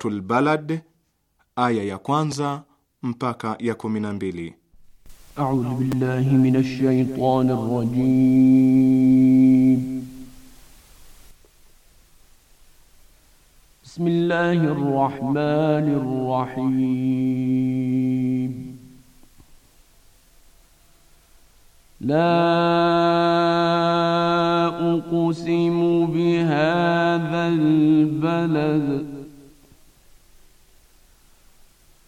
Suratul Balad aya ya kwanza mpaka ya kumi na mbili. A'udhu billahi minash shaitani rrajim. Bismillahir rahmanir rahim. La uqsimu bihadha albalad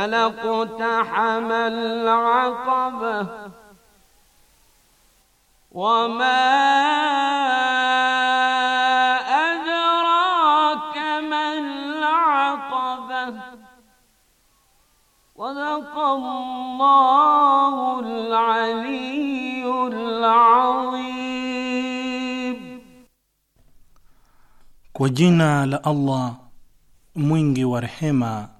فلقتحم العقبة وما أدراك ما العقبة وذق الله العلي العظيم kwa لألله la ورحمه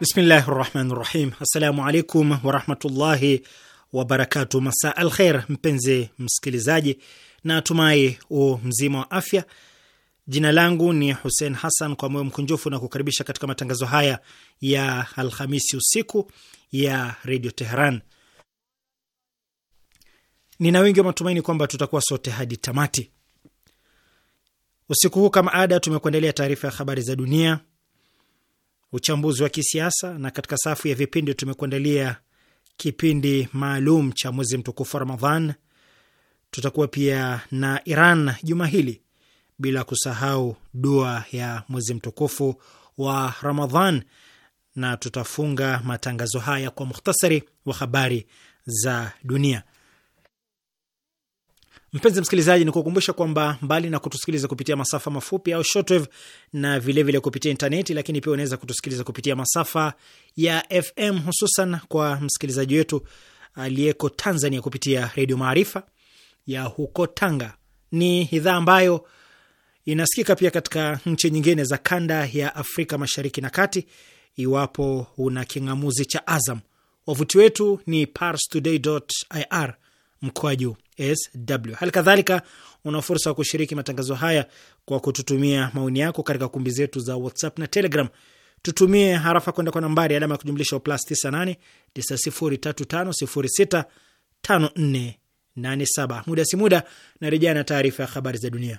Bismillahi rahmani rahim. Assalamu alaikum warahmatullahi wabarakatu. masa al kheir, mpenzi msikilizaji, na tumai u mzima wa afya. Jina langu ni Hussein Hassan, kwa moyo mkunjufu na kukaribisha katika matangazo haya ya Alhamisi usiku ya redio Teheran. Nina wingi wa matumaini kwamba tutakuwa sote hadi tamati usiku huu. Kama ada, tumekuandalia taarifa ya habari za dunia uchambuzi wa kisiasa, na katika safu ya vipindi tumekuandalia kipindi maalum cha mwezi mtukufu wa Ramadhan. Tutakuwa pia na Iran juma hili, bila kusahau dua ya mwezi mtukufu wa Ramadhan, na tutafunga matangazo haya kwa muhtasari wa habari za dunia. Mpenzi msikilizaji, ni kukumbusha kwamba mbali na kutusikiliza kupitia masafa mafupi au shortwave na vilevile vile kupitia intaneti, lakini pia unaweza kutusikiliza kupitia masafa ya FM, hususan kwa msikilizaji wetu aliyeko Tanzania kupitia Redio Maarifa ya huko Tanga. Ni idhaa ambayo inasikika pia katika nchi nyingine za kanda ya Afrika Mashariki na Kati, iwapo una king'amuzi cha Azam. Wavuti wetu ni parstoday.ir mkoa juu sw. Hali kadhalika una fursa wa kushiriki matangazo haya kwa kututumia maoni yako katika kumbi zetu za WhatsApp na Telegram. Tutumie harafa kwenda kwa nambari alama ya kujumlisha plus 98 935 065487. Muda si muda na rejea na taarifa ya habari za dunia.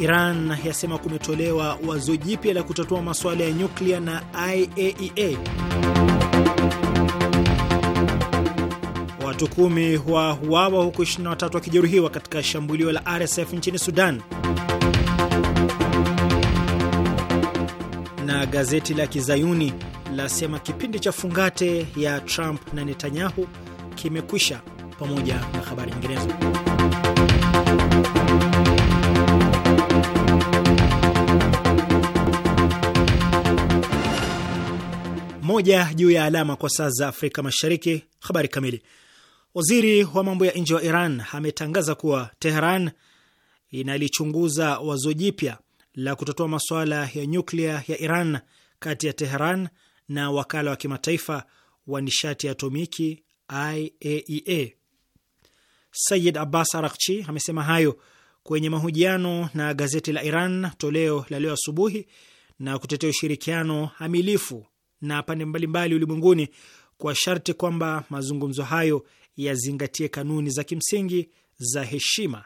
Iran yasema kumetolewa wazo jipya la kutatua masuala ya nyuklia na IAEA. E Watu kumi wa huawa huku 23 wakijeruhiwa katika shambulio la RSF nchini Sudan. Na gazeti la Kizayuni lasema kipindi cha fungate ya Trump na Netanyahu kimekwisha, pamoja na habari nyinginezo. moja juu ya alama kwa saa za Afrika Mashariki. Habari kamili. Waziri wa mambo ya nje wa Iran ametangaza kuwa Teheran inalichunguza wazo jipya la kutotoa masuala ya nyuklia ya Iran kati ya Teheran na wakala wa kimataifa wa nishati ya atomiki IAEA. Sayid Abbas Arakchi amesema hayo kwenye mahojiano na gazeti la Iran toleo la leo asubuhi na kutetea ushirikiano amilifu na pande mbalimbali ulimwenguni kwa sharti kwamba mazungumzo hayo yazingatie kanuni za kimsingi za heshima,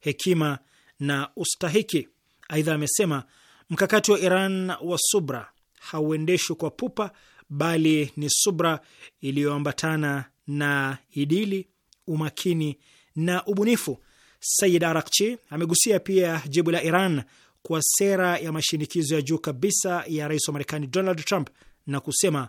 hekima na ustahiki. Aidha amesema mkakati wa Iran wa subra hauendeshwi kwa pupa, bali ni subra iliyoambatana na idili, umakini na ubunifu. Sayid Arakchi amegusia pia jibu la Iran kwa sera ya mashinikizo ya juu kabisa ya rais wa Marekani Donald Trump na kusema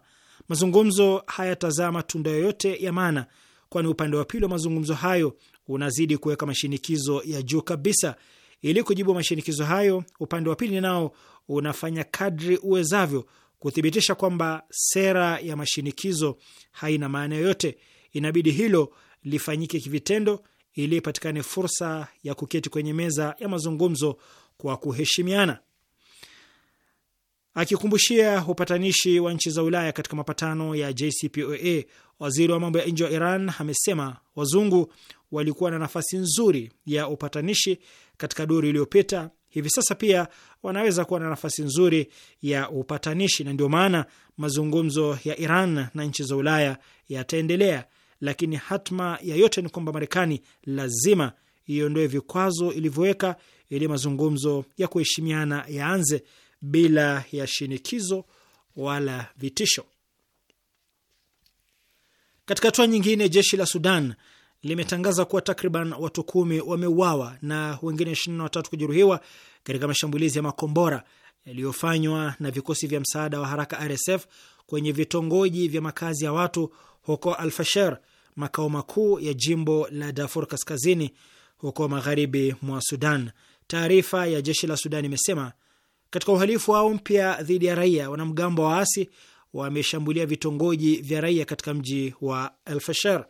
mazungumzo hayatazaa matunda yoyote ya maana, kwani upande wa pili wa mazungumzo hayo unazidi kuweka mashinikizo ya juu kabisa. Ili kujibu mashinikizo hayo, upande wa pili nao unafanya kadri uwezavyo kuthibitisha kwamba sera ya mashinikizo haina maana yoyote. Inabidi hilo lifanyike kivitendo ili ipatikane fursa ya kuketi kwenye meza ya mazungumzo kwa kuheshimiana. Akikumbushia upatanishi wa nchi za Ulaya katika mapatano ya JCPOA, waziri wa mambo ya nje wa Iran amesema wazungu walikuwa na nafasi nzuri ya upatanishi katika duru iliyopita, hivi sasa pia wanaweza kuwa na nafasi nzuri ya upatanishi, na ndio maana mazungumzo ya Iran na nchi za Ulaya yataendelea, lakini hatma ya yote ni kwamba Marekani lazima iondoe vikwazo ilivyoweka ili mazungumzo ya kuheshimiana yaanze bila ya shinikizo wala vitisho. Katika hatua nyingine, jeshi la Sudan limetangaza kuwa takriban watu kumi wameuawa na wengine ishirini na watatu kujeruhiwa katika mashambulizi ya makombora yaliyofanywa na vikosi vya msaada wa haraka RSF kwenye vitongoji vya makazi ya watu huko Alfasher, makao makuu ya jimbo la Darfur Kaskazini, huko magharibi mwa Sudan. Taarifa ya jeshi la Sudan imesema katika uhalifu wao mpya dhidi ya raia, wanamgambo wa waasi wameshambulia vitongoji vya raia katika mji wa El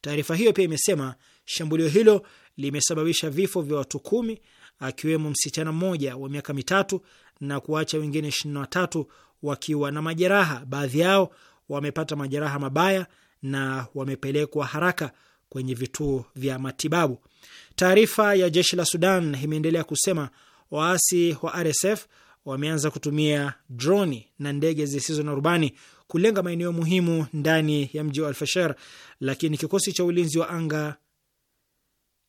Taarifa hiyo pia imesema shambulio hilo limesababisha vifo vya watu kumi akiwemo msichana mmoja wa miaka mitatu na kuacha wengine ishirini na watatu wakiwa na majeraha. Baadhi yao wamepata majeraha mabaya na wamepelekwa haraka kwenye vituo vya matibabu. Taarifa ya jeshi la Sudan imeendelea kusema waasi wa RSF wameanza kutumia droni na ndege zisizo na rubani kulenga maeneo muhimu ndani ya mji wa Alfasher, lakini kikosi cha ulinzi wa anga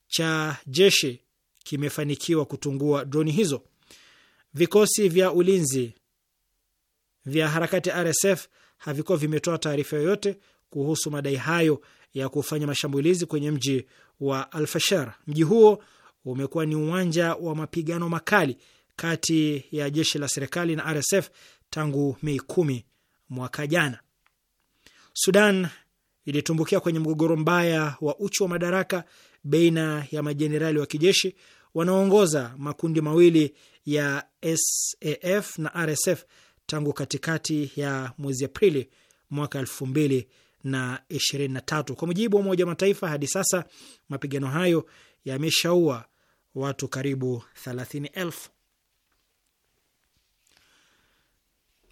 cha jeshi kimefanikiwa kutungua droni hizo. Vikosi vya ulinzi vya harakati RSF havikuwa vimetoa taarifa yoyote kuhusu madai hayo ya kufanya mashambulizi kwenye mji wa Alfashar. Mji huo umekuwa ni uwanja wa mapigano makali kati ya jeshi la serikali na RSF tangu Mei kumi mwaka jana. Sudan ilitumbukia kwenye mgogoro mbaya wa uchu wa madaraka baina ya majenerali wa kijeshi wanaoongoza makundi mawili ya SAF na RSF tangu katikati ya mwezi Aprili mwaka elfu mbili na ishirini na tatu. Kwa mujibu wa Umoja wa Mataifa, hadi sasa mapigano hayo yameshaua watu karibu thelathini elfu.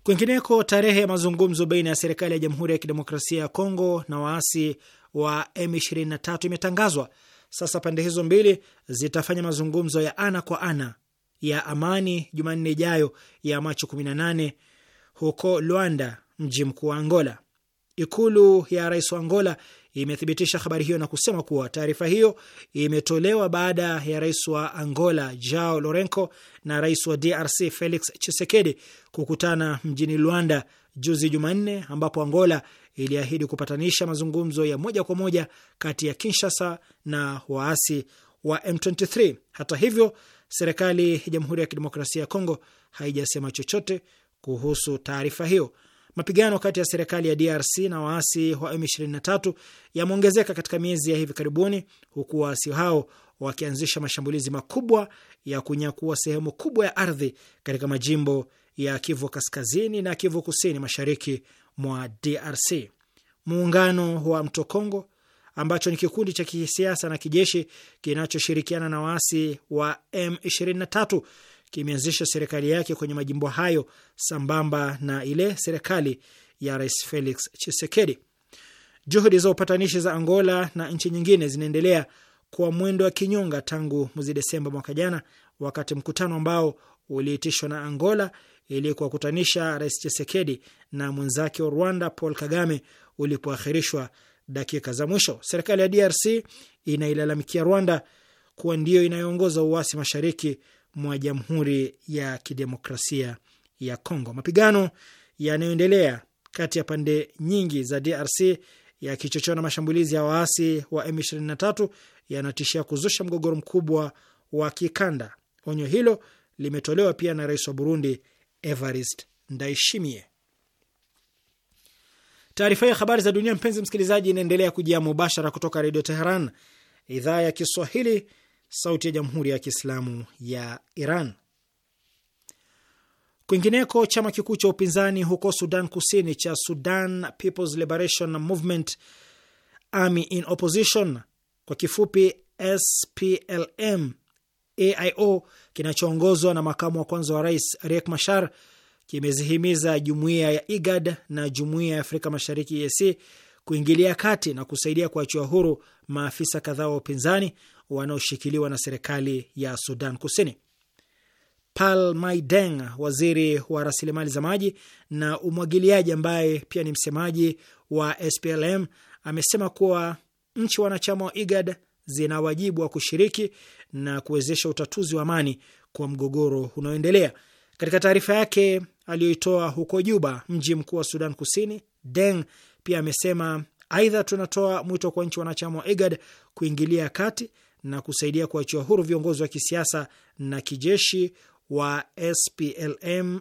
Kwingineko, tarehe ya mazungumzo baina ya serikali ya Jamhuri ya Kidemokrasia ya Kongo na waasi wa M23 imetangazwa. Sasa pande hizo mbili zitafanya mazungumzo ya ana kwa ana ya amani Jumanne ijayo ya Machi 18 huko Luanda, mji mkuu wa Angola. Ikulu ya rais wa Angola imethibitisha habari hiyo na kusema kuwa taarifa hiyo imetolewa baada ya rais wa Angola jao Lorenco na rais wa DRC Felix chisekedi kukutana mjini Luanda juzi Jumanne, ambapo Angola iliahidi kupatanisha mazungumzo ya moja kwa moja kati ya Kinshasa na waasi wa M23. Hata hivyo, serikali ya Jamhuri ya Kidemokrasia ya Kongo haijasema chochote kuhusu taarifa hiyo. Mapigano kati ya serikali ya DRC na waasi wa M23 yameongezeka katika miezi ya hivi karibuni, huku waasi hao wakianzisha mashambulizi makubwa ya kunyakua sehemu kubwa ya ardhi katika majimbo ya Kivu Kaskazini na Kivu Kusini mashariki mwa DRC. Muungano wa Mto Kongo ambacho ni kikundi cha kisiasa na kijeshi kinachoshirikiana na waasi wa M23 kimeanzisha serikali yake kwenye majimbo hayo sambamba na ile serikali ya Rais Felix Chisekedi. Juhudi za upatanishi za Angola na nchi nyingine zinaendelea kwa mwendo wa kinyonga tangu mwezi Desemba mwaka jana, wakati mkutano ambao uliitishwa na Angola ili kuwakutanisha Rais Chisekedi na mwenzake wa Rwanda Paul Kagame ulipoahirishwa dakika za mwisho. Serikali ya DRC inailalamikia Rwanda kuwa ndiyo inayoongoza uasi mashariki mwa Jamhuri ya Kidemokrasia ya Kongo. Mapigano yanayoendelea kati ya pande nyingi za DRC yakichochewa na mashambulizi ya waasi wa M23 yanatishia kuzusha mgogoro mkubwa wa kikanda. Onyo hilo limetolewa pia na rais wa Burundi evarist Ndaishimie. Taarifa ya habari za dunia, mpenzi msikilizaji, inaendelea kujia mubashara kutoka Redio Teheran idhaa ya Kiswahili, sauti ya jamhuri ya kiislamu ya Iran. Kwingineko, chama kikuu cha upinzani huko Sudan Kusini cha Sudan People's Liberation Movement, Army in Opposition, kwa kifupi SPLM AIO, kinachoongozwa na makamu wa kwanza wa rais Riek Machar kimezihimiza jumuiya ya IGAD na jumuiya ya Afrika Mashariki EAC kuingilia kati na kusaidia kuachiwa huru maafisa kadhaa wa upinzani wanaoshikiliwa na serikali ya Sudan Kusini. Pal Maideng, waziri wa rasilimali za maji na umwagiliaji, ambaye pia ni msemaji wa SPLM, amesema kuwa nchi wanachama wa IGAD zina wajibu wa kushiriki na kuwezesha utatuzi wa amani kwa mgogoro unaoendelea. Katika taarifa yake aliyoitoa huko Juba, mji mkuu wa Sudan Kusini, Deng pia amesema aidha, tunatoa mwito kwa nchi wanachama wa IGAD kuingilia kati na kusaidia kuachiwa huru viongozi wa kisiasa na kijeshi wa SPLM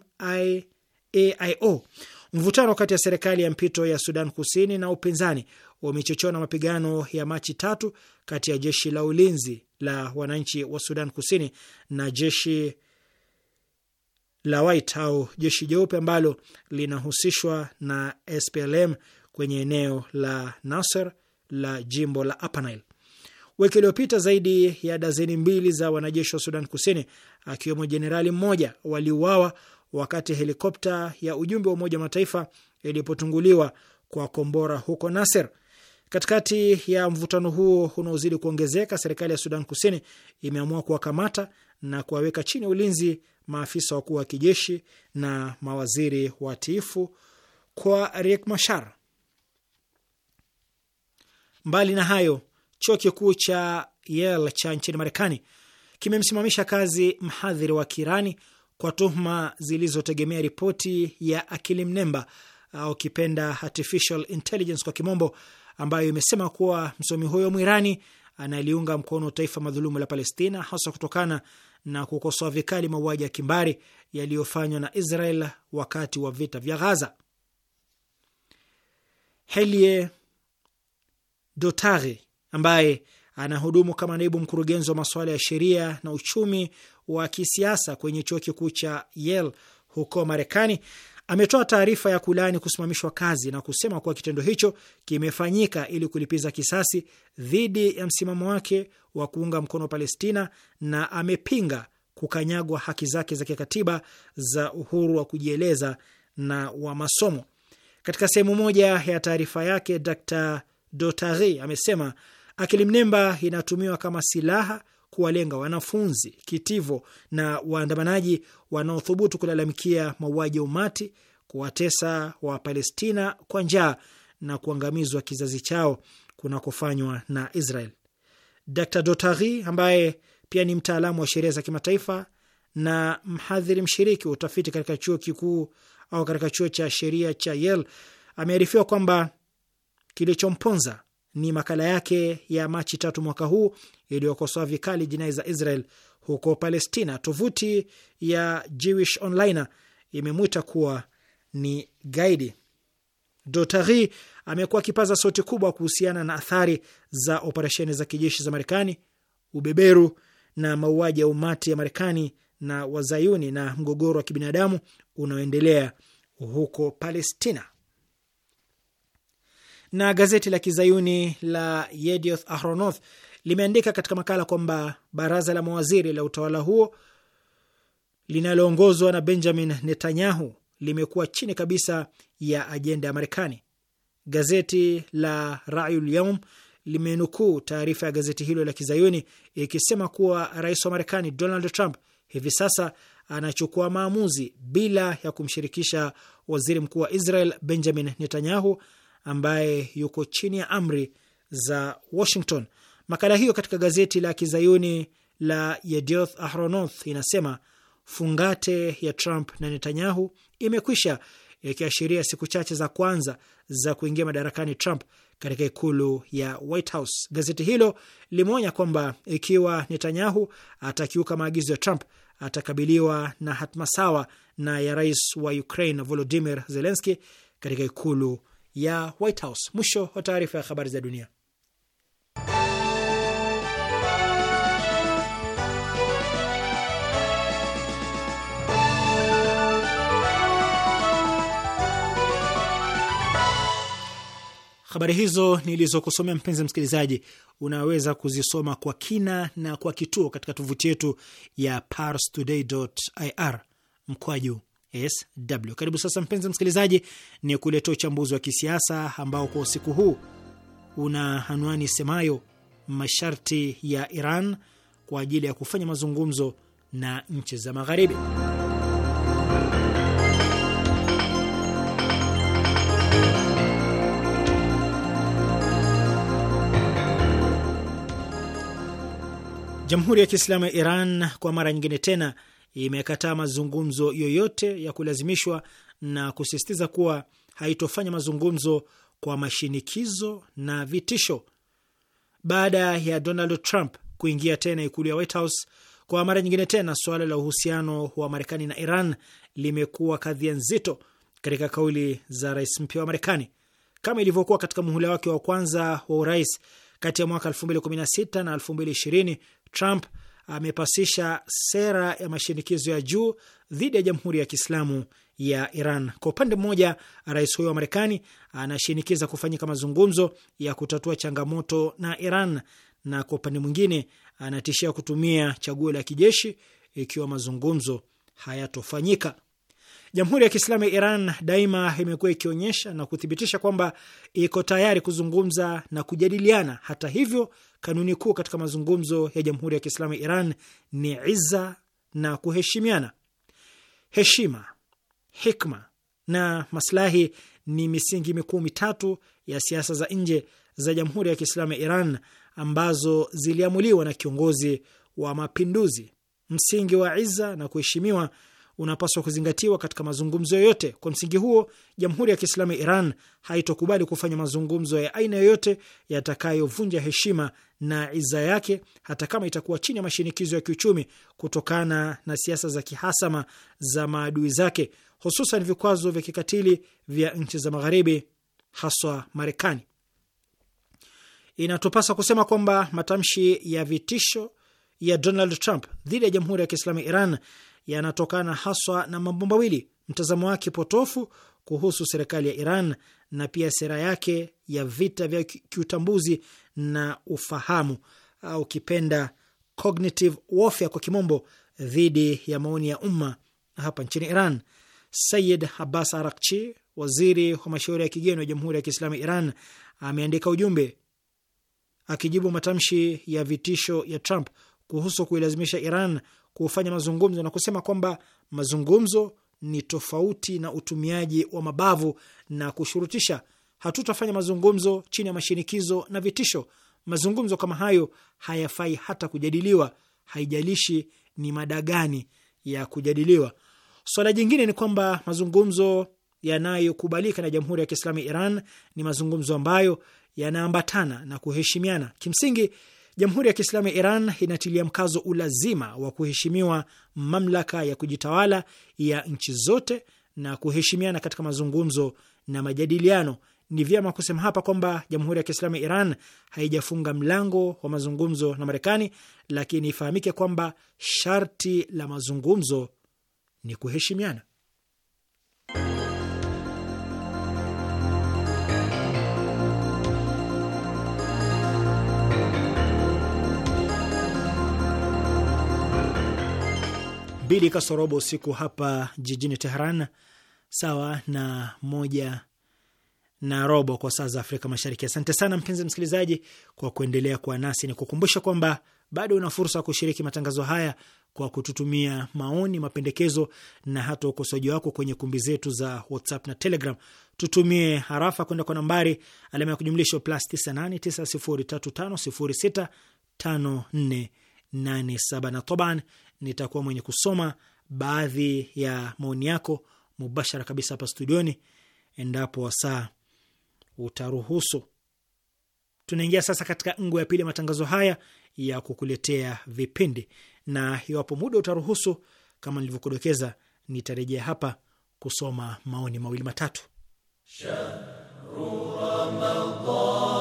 Mvutano kati ya serikali ya mpito ya Sudan Kusini na upinzani wamechochewa na mapigano ya Machi tatu kati ya jeshi la ulinzi la wananchi wa Sudan Kusini na jeshi la White au jeshi jeupe ambalo linahusishwa na SPLM kwenye eneo la Nasser la jimbo la Upper Nile. Wiki iliyopita zaidi ya dazeni mbili za wanajeshi wa Sudan Kusini, akiwemo jenerali mmoja, waliuawa wakati helikopta ya ujumbe wa Umoja wa Mataifa ilipotunguliwa kwa kombora huko Nasser. Katikati ya mvutano huo unaozidi kuongezeka, serikali ya Sudan Kusini imeamua kuwakamata na kuwaweka chini ya ulinzi maafisa wakuu wa kijeshi na mawaziri watiifu kwa Riek mashar Mbali na hayo, chuo kikuu cha Yale cha nchini Marekani kimemsimamisha kazi mhadhiri wa Kirani kwa tuhuma zilizotegemea ripoti ya akili mnemba au kipenda artificial intelligence kwa kimombo, ambayo imesema kuwa msomi huyo Mwirani analiunga mkono taifa madhulumu la Palestina, hasa kutokana na kukosoa vikali mauaji ya kimbari yaliyofanywa na Israel wakati wa vita vya Ghaza. Helie Dotari ambaye anahudumu kama naibu mkurugenzi wa masuala ya sheria na uchumi wa kisiasa kwenye chuo kikuu cha Yale huko Marekani ametoa taarifa ya kulaani kusimamishwa kazi na kusema kuwa kitendo hicho kimefanyika ili kulipiza kisasi dhidi ya msimamo wake wa kuunga mkono Palestina na amepinga kukanyagwa haki zake za kikatiba za uhuru wa kujieleza na wa masomo. Katika sehemu moja ya taarifa yake, Dr Dotari amesema Akili mnemba inatumiwa kama silaha kuwalenga wanafunzi kitivo na waandamanaji wanaothubutu kulalamikia mauaji ya umati, kuwatesa Wapalestina kwa njaa na kuangamizwa kizazi chao kunakofanywa na Israel. Dr Dotari, ambaye pia ni mtaalamu wa sheria za kimataifa na mhadhiri mshiriki wa utafiti katika chuo kikuu au katika chuo cha sheria cha Yale, amearifiwa kwamba kilichomponza ni makala yake ya Machi tatu mwaka huu iliyokosoa vikali jinai za Israel huko Palestina. Tovuti ya Jewish Onliner imemwita kuwa ni gaidi. Dotari amekuwa akipaza sauti kubwa kuhusiana na athari za operesheni za kijeshi za Marekani, ubeberu na mauaji ya umati ya Marekani na Wazayuni na mgogoro wa kibinadamu unaoendelea huko Palestina. Na gazeti la kizayuni la Yedioth Ahronoth limeandika katika makala kwamba baraza la mawaziri la utawala huo linaloongozwa na Benjamin Netanyahu limekuwa chini kabisa ya ajenda ya Marekani. Gazeti la Rayul Yaum limenukuu taarifa ya gazeti hilo la kizayuni ikisema kuwa rais wa Marekani Donald Trump hivi sasa anachukua maamuzi bila ya kumshirikisha waziri mkuu wa Israel Benjamin Netanyahu ambaye yuko chini ya amri za Washington. Makala hiyo katika gazeti la kizayuni la Yedioth Ahronoth inasema fungate ya Trump na Netanyahu imekwisha, ikiashiria siku chache za kwanza za kuingia madarakani Trump katika ikulu ya White House. Gazeti hilo limeonya kwamba ikiwa Netanyahu atakiuka maagizo ya Trump atakabiliwa na hatma sawa na ya rais wa Ukraine Volodimir Zelenski katika ikulu ya White House. Mwisho wa taarifa ya habari za dunia. Habari hizo nilizokusomea, mpenzi msikilizaji, unaweza kuzisoma kwa kina na kwa kituo katika tovuti yetu ya parstoday.ir mkwaju sw. Karibu sasa, mpenzi msikilizaji, ni kuletea uchambuzi wa kisiasa ambao kwa usiku huu una anwani semayo masharti ya Iran kwa ajili ya kufanya mazungumzo na nchi za Magharibi. Jamhuri ya Kiislamu ya Iran kwa mara nyingine tena imekataa mazungumzo yoyote ya kulazimishwa na kusisitiza kuwa haitofanya mazungumzo kwa mashinikizo na vitisho. Baada ya Donald Trump kuingia tena ikulu ya White House, kwa mara nyingine tena suala la uhusiano wa Marekani na Iran limekuwa kadhia nzito katika kauli za rais mpya wa Marekani. Kama ilivyokuwa katika muhula wake wa kwanza wa urais kati ya mwaka 2016 na 2020, Trump amepasisha sera ya mashinikizo ya juu dhidi ya Jamhuri ya Kiislamu ya Iran. Kwa upande mmoja, rais huyo wa Marekani anashinikiza kufanyika mazungumzo ya kutatua changamoto na Iran, na kwa upande mwingine anatishia kutumia chaguo la kijeshi ikiwa mazungumzo hayatofanyika. Jamhuri ya Kiislamu ya Iran daima imekuwa ikionyesha na kuthibitisha kwamba iko tayari kuzungumza na kujadiliana. Hata hivyo, kanuni kuu katika mazungumzo ya Jamhuri ya Kiislamu ya Iran ni iza na kuheshimiana. Heshima, hikma na maslahi ni misingi mikuu mitatu ya siasa za nje za Jamhuri ya Kiislamu ya Iran ambazo ziliamuliwa na kiongozi wa mapinduzi. Msingi wa iza na kuheshimiwa unapaswa kuzingatiwa katika mazungumzo yoyote. Kwa msingi huo, Jamhuri ya Kiislamu ya Iran haitokubali kufanya mazungumzo ya aina yoyote yatakayovunja heshima na iza yake, hata kama itakuwa chini ya mashinikizo ya kiuchumi kutokana na siasa za kihasama za maadui zake, hususan vikwazo vya kikatili vya nchi za Magharibi, haswa Marekani. Inatupasa kusema kwamba matamshi ya vitisho ya Donald Trump dhidi ya Jamhuri ya Kiislamu ya Iran yanatokana haswa na mambo mawili: mtazamo wake potofu kuhusu serikali ya Iran na pia sera yake ya vita vya kiutambuzi na ufahamu au kipenda cognitive warfare kwa kimombo dhidi ya maoni ya umma hapa nchini Iran. Sayid Abbas Arakchi, waziri wa mashauri ya kigeni wa Jamhuri ya Kiislamu ya Iran, ameandika ujumbe akijibu matamshi ya vitisho ya Trump kuhusu kuilazimisha Iran kufanya mazungumzo na kusema kwamba mazungumzo ni tofauti na utumiaji wa mabavu na kushurutisha. Hatutafanya mazungumzo chini ya mashinikizo na vitisho. Mazungumzo kama hayo hayafai hata kujadiliwa, haijalishi ni mada gani ya kujadiliwa. Swala jingine ni kwamba mazungumzo yanayokubalika na Jamhuri ya Kiislamu ya Iran ni mazungumzo ambayo yanaambatana na kuheshimiana. Kimsingi Jamhuri ya Kiislamu ya Iran inatilia mkazo ulazima wa kuheshimiwa mamlaka ya kujitawala ya nchi zote na kuheshimiana katika mazungumzo na majadiliano. Ni vyema kusema hapa kwamba Jamhuri ya Kiislamu ya Iran haijafunga mlango wa mazungumzo na Marekani, lakini ifahamike kwamba sharti la mazungumzo ni kuheshimiana. mbili kasorobo usiku hapa jijini Teheran, sawa na moja na robo kwa saa za Afrika Mashariki. Asante sana mpenzi msikilizaji kwa kuendelea kuwa nasi. Ni kukumbusha kwamba bado una fursa ya kushiriki matangazo haya kwa kututumia maoni, mapendekezo na hata ukosoaji wako kwenye kumbi zetu za WhatsApp na Telegram. Tutumie harafa kwenda kwa nambari alama ya kujumlisho plus 989035065487 na toban nitakuwa mwenye kusoma baadhi ya maoni yako mubashara kabisa hapa studioni endapo wasaa utaruhusu. Tunaingia sasa katika ngo ya pili ya matangazo haya ya kukuletea vipindi, na iwapo muda utaruhusu, kama nilivyokudokeza, nitarejea hapa kusoma maoni mawili matatu. Shahru Ramadhan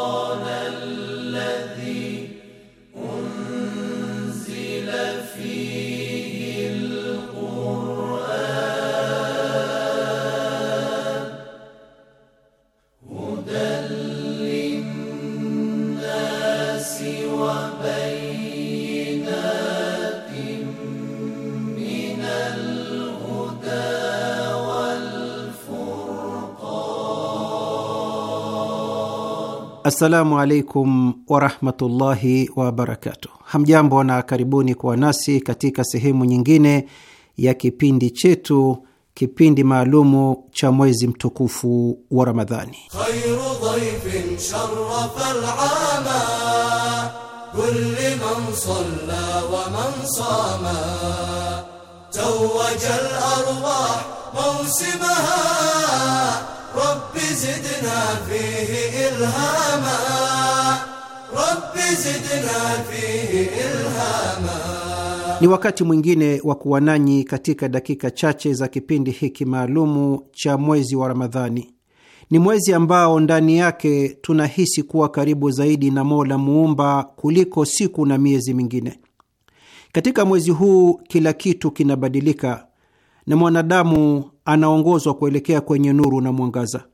Assalamu alaikum warahmatullahi wabarakatu. Hamjambo na karibuni kuwa nasi katika sehemu nyingine ya kipindi chetu, kipindi maalumu cha mwezi mtukufu wa Ramadhani. ربي زدنا فيه إلهاما زدنا فيه إلهاما ni wakati mwingine wa kuwa nanyi katika dakika chache za kipindi hiki maalumu cha mwezi wa Ramadhani. Ni mwezi ambao ndani yake tunahisi kuwa karibu zaidi na Mola Muumba kuliko siku na miezi mingine. Katika mwezi huu kila kitu kinabadilika, na mwanadamu anaongozwa kuelekea kwenye nuru na mwangaza.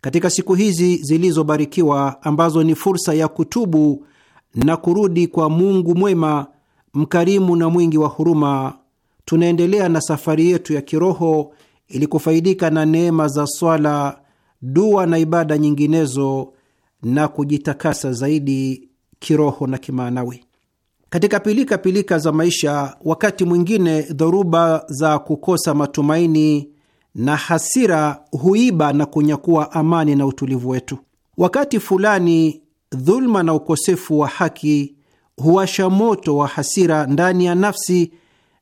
Katika siku hizi zilizobarikiwa ambazo ni fursa ya kutubu na kurudi kwa Mungu mwema, mkarimu na mwingi wa huruma, tunaendelea na safari yetu ya kiroho ili kufaidika na neema za swala, dua na ibada nyinginezo na kujitakasa zaidi kiroho na kimaanawi. Katika pilikapilika pilika za maisha, wakati mwingine dhoruba za kukosa matumaini na hasira huiba na kunyakua amani na utulivu wetu. Wakati fulani, dhuluma na ukosefu wa haki huwasha moto wa hasira ndani ya nafsi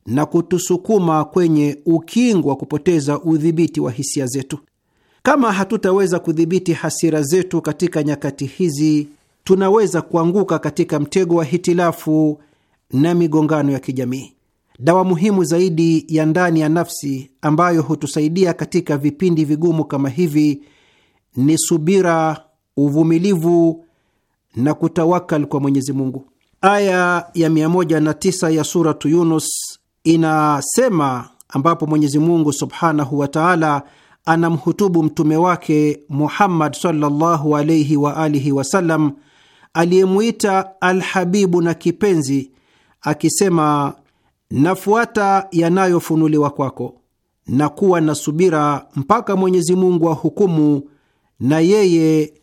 na kutusukuma kwenye ukingo wa kupoteza udhibiti wa hisia zetu. Kama hatutaweza kudhibiti hasira zetu katika nyakati hizi, tunaweza kuanguka katika mtego wa hitilafu na migongano ya kijamii. Dawa muhimu zaidi ya ndani ya nafsi ambayo hutusaidia katika vipindi vigumu kama hivi ni subira, uvumilivu na kutawakal kwa Mwenyezi Mungu. Aya ya 109 ya Suratu Yunus inasema, ambapo Mwenyezi Mungu subhanahu wa taala anamhutubu mtume wake Muhammad sallallahu alaihi wa alihi wasallam aliyemwita alhabibu na kipenzi, akisema, nafuata yanayofunuliwa kwako na kuwa na subira mpaka Mwenyezi Mungu ahukumu, na yeye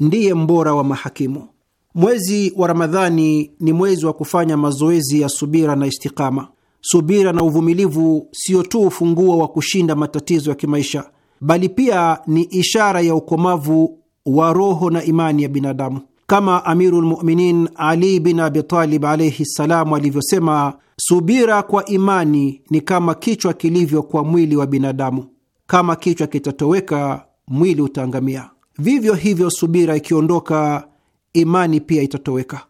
ndiye mbora wa mahakimu. Mwezi wa Ramadhani ni mwezi wa kufanya mazoezi ya subira na istikama. Subira na uvumilivu sio tu ufunguo wa kushinda matatizo ya kimaisha, bali pia ni ishara ya ukomavu wa roho na imani ya binadamu kama Amiru lmuminin Ali bin Abitalib alaihi ssalam alivyosema, subira kwa imani ni kama kichwa kilivyo kwa mwili wa binadamu, kama kichwa kitatoweka, mwili utaangamia. Vivyo hivyo, subira ikiondoka, imani pia itatoweka.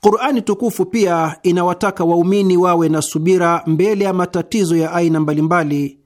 Qurani tukufu pia inawataka waumini wawe na subira mbele ya matatizo ya aina mbalimbali,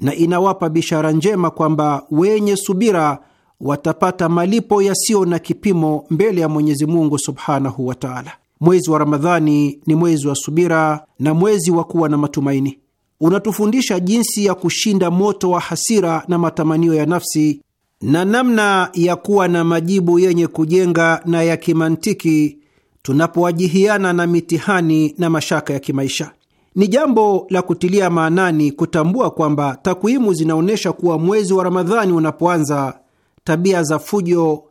na inawapa bishara njema kwamba wenye subira watapata malipo yasiyo na kipimo mbele ya Mwenyezi Mungu subhanahu wa taala. Mwezi wa Ramadhani ni mwezi wa subira na mwezi wa kuwa na matumaini. Unatufundisha jinsi ya kushinda moto wa hasira na matamanio ya nafsi na namna ya kuwa na majibu yenye kujenga na ya kimantiki tunapowajihiana na mitihani na mashaka ya kimaisha. Ni jambo la kutilia maanani kutambua kwamba takwimu zinaonyesha kuwa mwezi wa Ramadhani unapoanza tabia za fujo,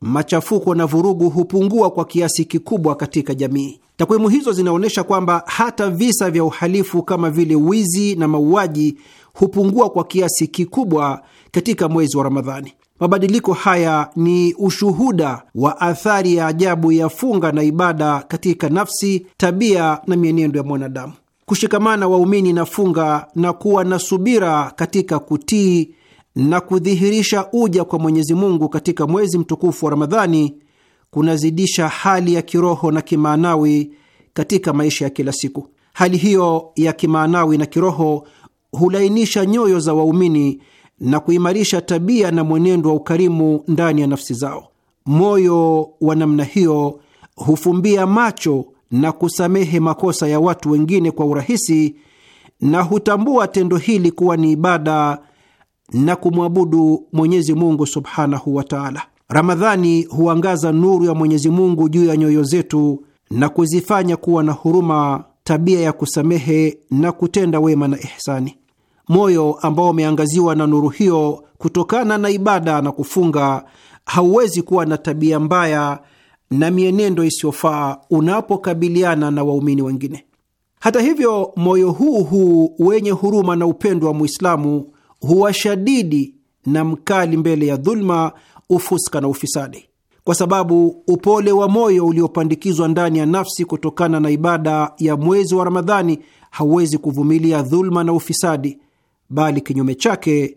machafuko na vurugu hupungua kwa kiasi kikubwa katika jamii. Takwimu hizo zinaonyesha kwamba hata visa vya uhalifu kama vile wizi na mauaji hupungua kwa kiasi kikubwa katika mwezi wa Ramadhani. Mabadiliko haya ni ushuhuda wa athari ya ajabu ya funga na ibada katika nafsi, tabia na mienendo ya mwanadamu. Kushikamana waumini na funga na kuwa na subira katika kutii na kudhihirisha uja kwa Mwenyezi Mungu katika mwezi mtukufu wa Ramadhani kunazidisha hali ya kiroho na kimaanawi katika maisha ya kila siku. Hali hiyo ya kimaanawi na kiroho hulainisha nyoyo za waumini na kuimarisha tabia na mwenendo wa ukarimu ndani ya nafsi zao. Moyo wa namna hiyo hufumbia macho na kusamehe makosa ya watu wengine kwa urahisi na hutambua tendo hili kuwa ni ibada na kumwabudu Mwenyezi Mungu subhanahu wa taala. Ramadhani huangaza nuru ya Mwenyezi Mungu juu ya nyoyo zetu na kuzifanya kuwa na huruma, tabia ya kusamehe na kutenda wema na ihsani. Moyo ambao umeangaziwa na nuru hiyo kutokana na ibada na kufunga hauwezi kuwa na tabia mbaya na mienendo isiyofaa unapokabiliana na waumini wengine. Hata hivyo, moyo huu huu wenye huruma na upendo wa Muislamu huwa shadidi na mkali mbele ya dhuluma, ufuska na ufisadi, kwa sababu upole wa moyo uliopandikizwa ndani ya nafsi kutokana na ibada ya mwezi wa Ramadhani hauwezi kuvumilia dhuluma na ufisadi, bali kinyume chake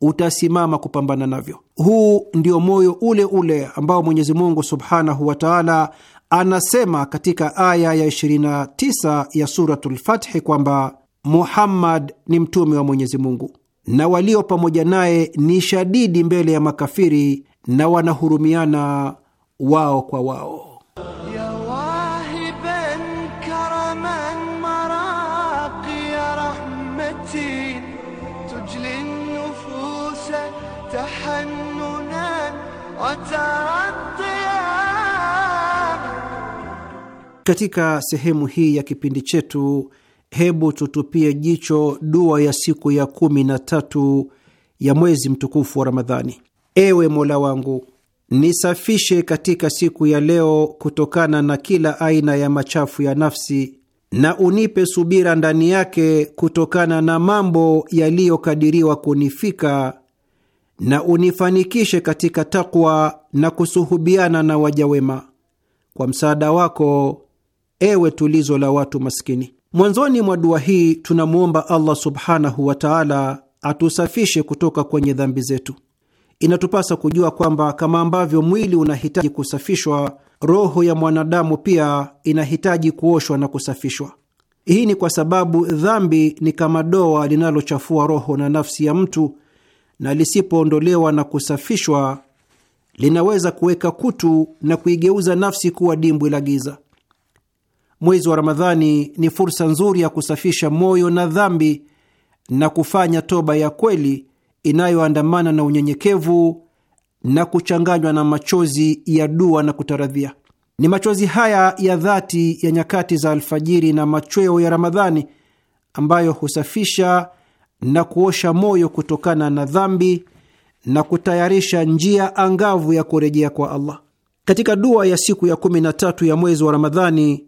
utasimama kupambana navyo. Huu ndio moyo ule ule ambao Mwenyezi Mungu subhanahu wa taala anasema katika aya ya 29 ya Suratul Fathi kwamba Muhammad ni mtume wa Mwenyezi Mungu na walio pamoja naye ni shadidi mbele ya makafiri na wanahurumiana wao kwa wao. Katika sehemu hii ya kipindi chetu hebu tutupie jicho dua ya siku ya kumi na tatu ya mwezi mtukufu wa Ramadhani. Ewe Mola wangu, nisafishe katika siku ya leo kutokana na kila aina ya machafu ya nafsi na unipe subira ndani yake kutokana na mambo yaliyokadiriwa kunifika na unifanikishe katika takwa na kusuhubiana na wajawema kwa msaada wako, ewe tulizo la watu maskini. Mwanzoni mwa dua hii tunamwomba Allah subhanahu wa taala atusafishe kutoka kwenye dhambi zetu. Inatupasa kujua kwamba kama ambavyo mwili unahitaji kusafishwa, roho ya mwanadamu pia inahitaji kuoshwa na kusafishwa. Hii ni kwa sababu dhambi ni kama doa linalochafua roho na nafsi ya mtu, na lisipoondolewa na kusafishwa linaweza kuweka kutu na kuigeuza nafsi kuwa dimbwi la giza. Mwezi wa Ramadhani ni fursa nzuri ya kusafisha moyo na dhambi na kufanya toba ya kweli inayoandamana na unyenyekevu na kuchanganywa na machozi ya dua na kutaradhia. Ni machozi haya ya dhati ya nyakati za alfajiri na machweo ya Ramadhani ambayo husafisha na kuosha moyo kutokana na dhambi na kutayarisha njia angavu ya kurejea kwa Allah. Katika dua ya siku ya kumi na tatu ya mwezi wa Ramadhani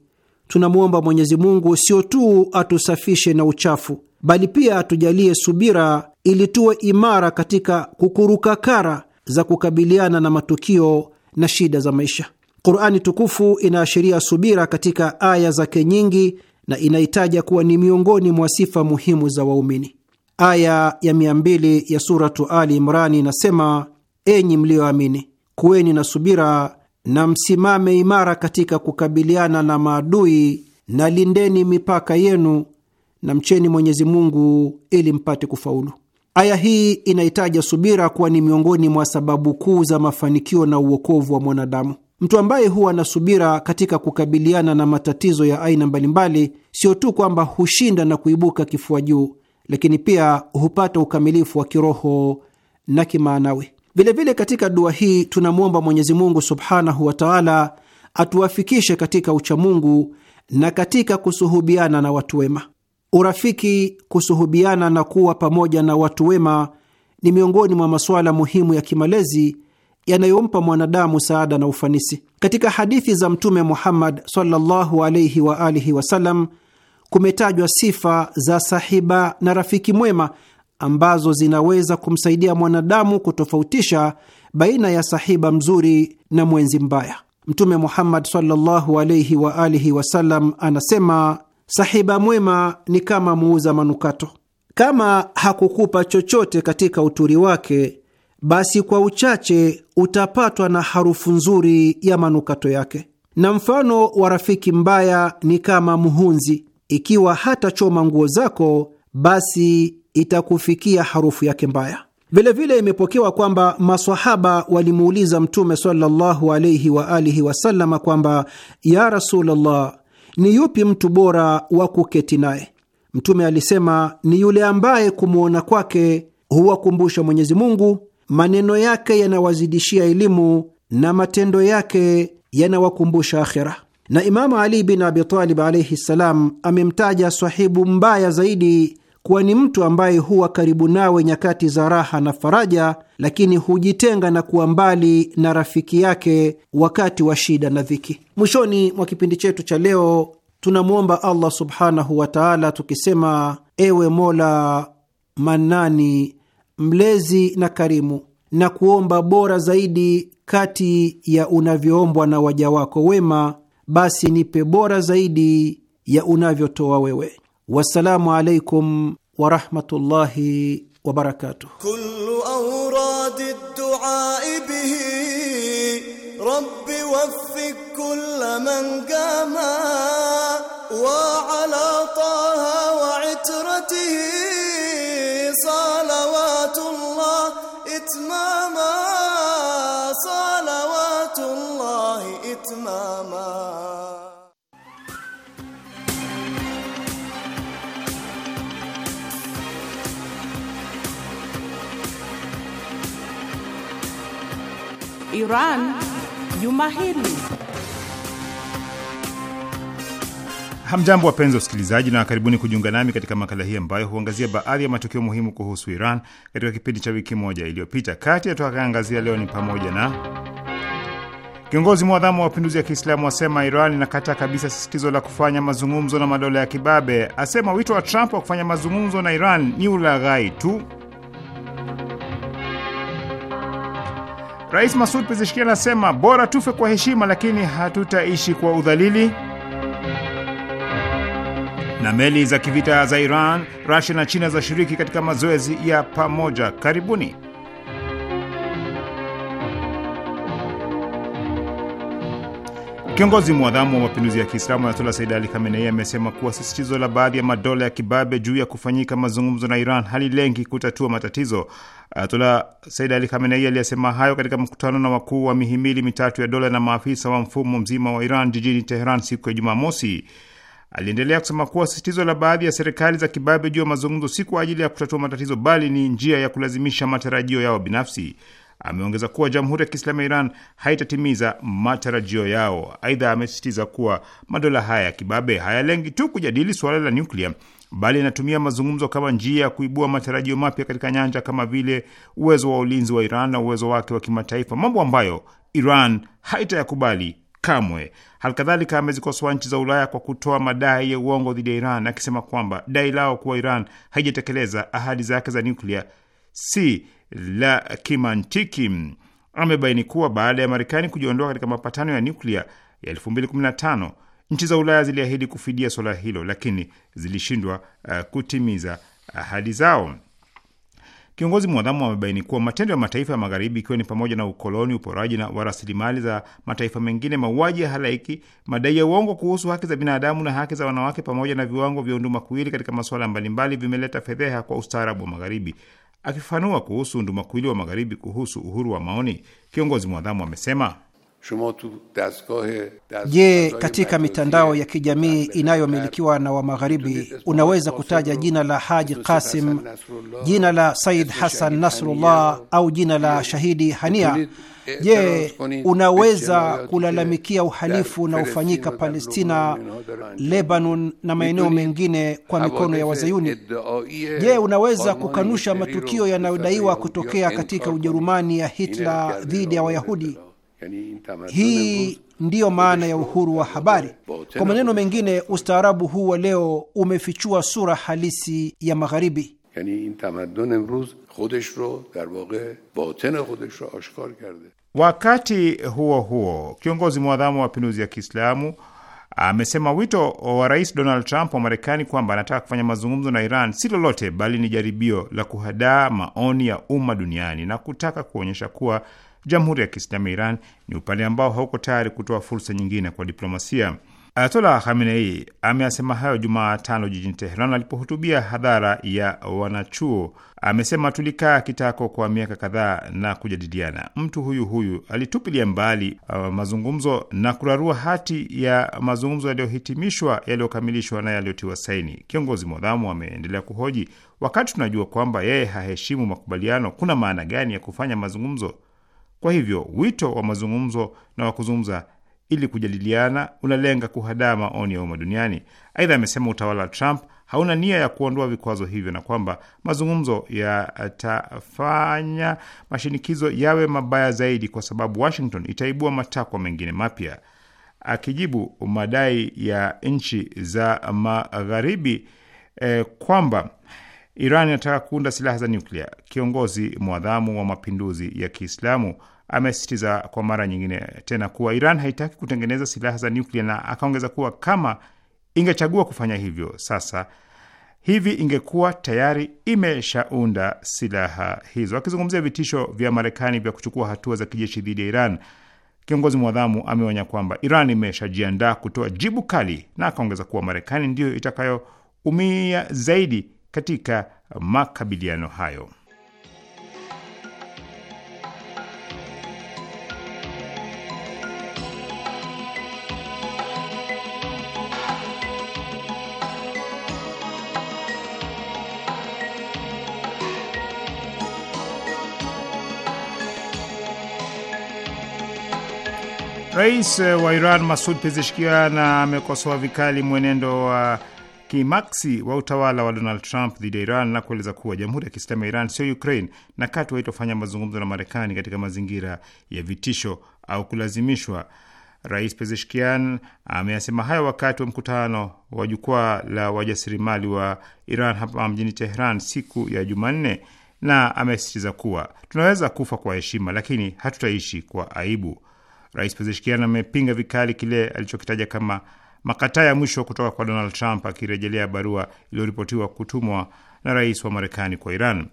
tunamwomba Mwenyezi Mungu sio tu atusafishe na uchafu, bali pia atujalie subira ili tuwe imara katika kukurukakara za kukabiliana na matukio na shida za maisha. Qurani tukufu inaashiria subira katika aya zake nyingi na inahitaja kuwa ni miongoni mwa sifa muhimu za waumini. Aya ya mia mbili ya Suratu Ali Imrani inasema: enyi mliyoamini, kuweni na subira na msimame imara katika kukabiliana na maadui, na lindeni mipaka yenu na mcheni Mwenyezi Mungu ili mpate kufaulu. Aya hii inahitaja subira kuwa ni miongoni mwa sababu kuu za mafanikio na uokovu wa mwanadamu. Mtu ambaye huwa na subira katika kukabiliana na matatizo ya aina mbalimbali, sio tu kwamba hushinda na kuibuka kifua juu, lakini pia hupata ukamilifu wa kiroho na kimaanawi. Vilevile katika dua hii tunamwomba Mwenyezi Mungu subhanahu wa taala atuwafikishe katika uchamungu na katika kusuhubiana na watu wema. Urafiki, kusuhubiana na kuwa pamoja na watu wema ni miongoni mwa masuala muhimu ya kimalezi yanayompa mwanadamu saada na ufanisi. Katika hadithi za Mtume Muhammad sallallahu alaihi wa alihi wasallam kumetajwa sifa za sahiba na rafiki mwema ambazo zinaweza kumsaidia mwanadamu kutofautisha baina ya sahiba mzuri na mwenzi mbaya. Mtume Muhammad sallallahu wa alihi wasallam anasema, sahiba mwema ni kama muuza manukato. Kama hakukupa chochote katika uturi wake, basi kwa uchache utapatwa na harufu nzuri ya manukato yake. Na mfano wa rafiki mbaya ni kama muhunzi ikiwa hatachoma nguo zako, basi itakufikia harufu yake mbaya. Vilevile imepokewa kwamba masahaba walimuuliza Mtume sallallahu alaihi wa alihi wasallama kwamba ya Rasulullah, ni yupi mtu bora wa kuketi naye? Mtume alisema ni yule ambaye kumwona kwake huwakumbusha Mwenyezi Mungu, maneno yake yanawazidishia elimu na matendo yake yanawakumbusha akhira. Na Imamu Ali bin Abi Talib alaihi ssalam amemtaja sahibu mbaya zaidi kuwa ni mtu ambaye huwa karibu nawe nyakati za raha na faraja, lakini hujitenga na kuwa mbali na rafiki yake wakati wa shida na dhiki. Mwishoni mwa kipindi chetu cha leo tunamwomba Allah subhanahu wa taala tukisema: ewe Mola Manani, mlezi na karimu, na kuomba bora zaidi kati ya unavyoombwa na waja wako wema, basi nipe bora zaidi ya unavyotoa wewe. wassalamu alaikum warahmatullahi wabarakatuh. Kullu awradi ad-du'a bihi rabbi waffik kulla man qama wa ala taha wa itratihi salawatullah itmama salawatullah itmama Iran juma hili. Hamjambo, wapenzi wa usikilizaji, na karibuni kujiunga nami katika makala hii ambayo huangazia baadhi ya matukio muhimu kuhusu Iran katika kipindi cha wiki moja iliyopita. Kati ya tutakayoangazia leo ni pamoja na kiongozi mwadhamu wa mapinduzi ya Kiislamu asema Iran inakataa kabisa sisitizo la kufanya mazungumzo na madola ya kibabe, asema wito wa Trump wa kufanya mazungumzo na Iran ni ulaghai tu. Rais Masud Pezeshkian anasema bora tufe kwa heshima, lakini hatutaishi kwa udhalili. Na meli za kivita za Iran, Rusia na China zashiriki katika mazoezi ya pamoja. Karibuni. Kiongozi mwadhamu wa mapinduzi ya Kiislamu Ayatollah Said Ali Khamenei amesema kuwa sisitizo la baadhi ya madola ya kibabe juu ya kufanyika mazungumzo na Iran halilengi kutatua matatizo. Ayatollah Said Ali Khamenei aliyesema hayo katika mkutano na wakuu wa mihimili mitatu ya dola na maafisa wa mfumo mzima wa Iran jijini Teheran siku ya Jumamosi. Aliendelea kusema kuwa sisitizo la baadhi ya serikali za kibabe juu ya mazungumzo si kwa ajili ya kutatua matatizo, bali ni njia ya kulazimisha matarajio yao binafsi. Ameongeza kuwa Jamhuri ya Kiislamu ya Iran haitatimiza matarajio yao. Aidha, amesisitiza kuwa madola haya ya kibabe hayalengi tu kujadili suala la nyuklia, bali yanatumia mazungumzo kama njia ya kuibua matarajio mapya katika nyanja kama vile uwezo wa ulinzi wa Iran na uwezo wake wa kimataifa, mambo ambayo Iran haitayakubali kamwe. Halikadhalika, amezikosoa nchi za Ulaya kwa kutoa madai ya uongo dhidi ya Iran, akisema kwamba dai lao kuwa Iran haijatekeleza ahadi zake za nyuklia si la kimantiki amebaini kuwa baada ya Marekani kujiondoa katika mapatano ya nyuklia ya 2015 nchi za Ulaya ziliahidi kufidia suala hilo, lakini zilishindwa uh, kutimiza ahadi zao. Kiongozi mwadhamu amebaini kuwa matendo ya mataifa ya Magharibi, ikiwa ni pamoja na ukoloni, uporaji na wa rasilimali za mataifa mengine, mauaji ya halaiki, madai ya uongo kuhusu haki za binadamu na haki za wanawake, pamoja na viwango vya undumakuwili katika masuala mbalimbali, vimeleta fedheha kwa ustaarabu wa Magharibi. Akifafanua kuhusu ndumakuwili wa magharibi kuhusu uhuru wa maoni, kiongozi mwadhamu amesema Je, katika mitandao ya kijamii inayomilikiwa na wa Magharibi unaweza kutaja jina la Haji Qasim, jina la Said hasan Nasrullah au jina la shahidi Hania? Je, unaweza kulalamikia uhalifu unaofanyika Palestina, Lebanon na maeneo mengine kwa mikono ya Wazayuni? Je, unaweza kukanusha matukio yanayodaiwa kutokea katika Ujerumani ya Hitler dhidi ya Wayahudi? Hii ndiyo maana ya uhuru wa habari. Kwa maneno mengine, ustaarabu huu wa leo umefichua sura halisi ya Magharibi. Wakati huo huo, kiongozi mwadhamu wa mapinduzi ya Kiislamu amesema wito wa Rais Donald Trump wa Marekani kwamba anataka kufanya mazungumzo na Iran si lolote bali ni jaribio la kuhadaa maoni ya umma duniani na kutaka kuonyesha kuwa jamhuri ya Kiislamu ya Iran ni upande ambao hauko tayari kutoa fursa nyingine kwa diplomasia. Ayatola Khamenei ameasema hayo Jumatano jijini Teheran alipohutubia hadhara ya wanachuo. Amesema, tulikaa kitako kwa miaka kadhaa na kujadiliana. Mtu huyu huyu alitupilia mbali uh, mazungumzo na kurarua hati ya mazungumzo yaliyohitimishwa, yaliyokamilishwa na yaliyotiwa saini. Kiongozi mwadhamu ameendelea kuhoji, wakati tunajua kwamba yeye haheshimu makubaliano, kuna maana gani ya kufanya mazungumzo? Kwa hivyo wito wa mazungumzo na wa kuzungumza ili kujadiliana unalenga kuhadaa maoni ya umma duniani. Aidha, amesema utawala wa Trump hauna nia ya kuondoa vikwazo hivyo na kwamba mazungumzo yatafanya mashinikizo yawe mabaya zaidi, kwa sababu Washington itaibua matakwa mengine mapya. Akijibu madai ya nchi za magharibi eh, kwamba Iran inataka kuunda silaha za nyuklia. Kiongozi mwadhamu wa mapinduzi ya Kiislamu amesisitiza kwa mara nyingine tena kuwa Iran haitaki kutengeneza silaha za nyuklia, na akaongeza kuwa kama ingechagua kufanya hivyo sasa hivi ingekuwa tayari imeshaunda silaha hizo. Akizungumzia vitisho vya Marekani vya kuchukua hatua za kijeshi dhidi ya Iran, kiongozi mwadhamu ameonya kwamba Iran imeshajiandaa kutoa jibu kali, na akaongeza kuwa Marekani ndiyo itakayoumia zaidi katika makabiliano hayo. Rais wa Iran Masud Pezeshkian amekosoa vikali mwenendo wa kimaksi wa utawala wa Donald Trump dhidi ya Iran na kueleza kuwa Jamhuri ya Kiislamu ya Iran sio Ukraine na katu haitofanya mazungumzo na Marekani katika mazingira ya vitisho au kulazimishwa. Rais Pezeshkian ameyasema hayo wakati wa mkutano wa jukwaa la wajasirimali wa Iran hapa mjini Tehran siku ya Jumanne, na amesisitiza kuwa tunaweza kufa kwa heshima, lakini hatutaishi kwa aibu. Rais Pezeshkian amepinga vikali kile alichokitaja kama makataa ya mwisho kutoka kwa Donald Trump akirejelea barua iliyoripotiwa kutumwa na rais wa Marekani kwa Iran.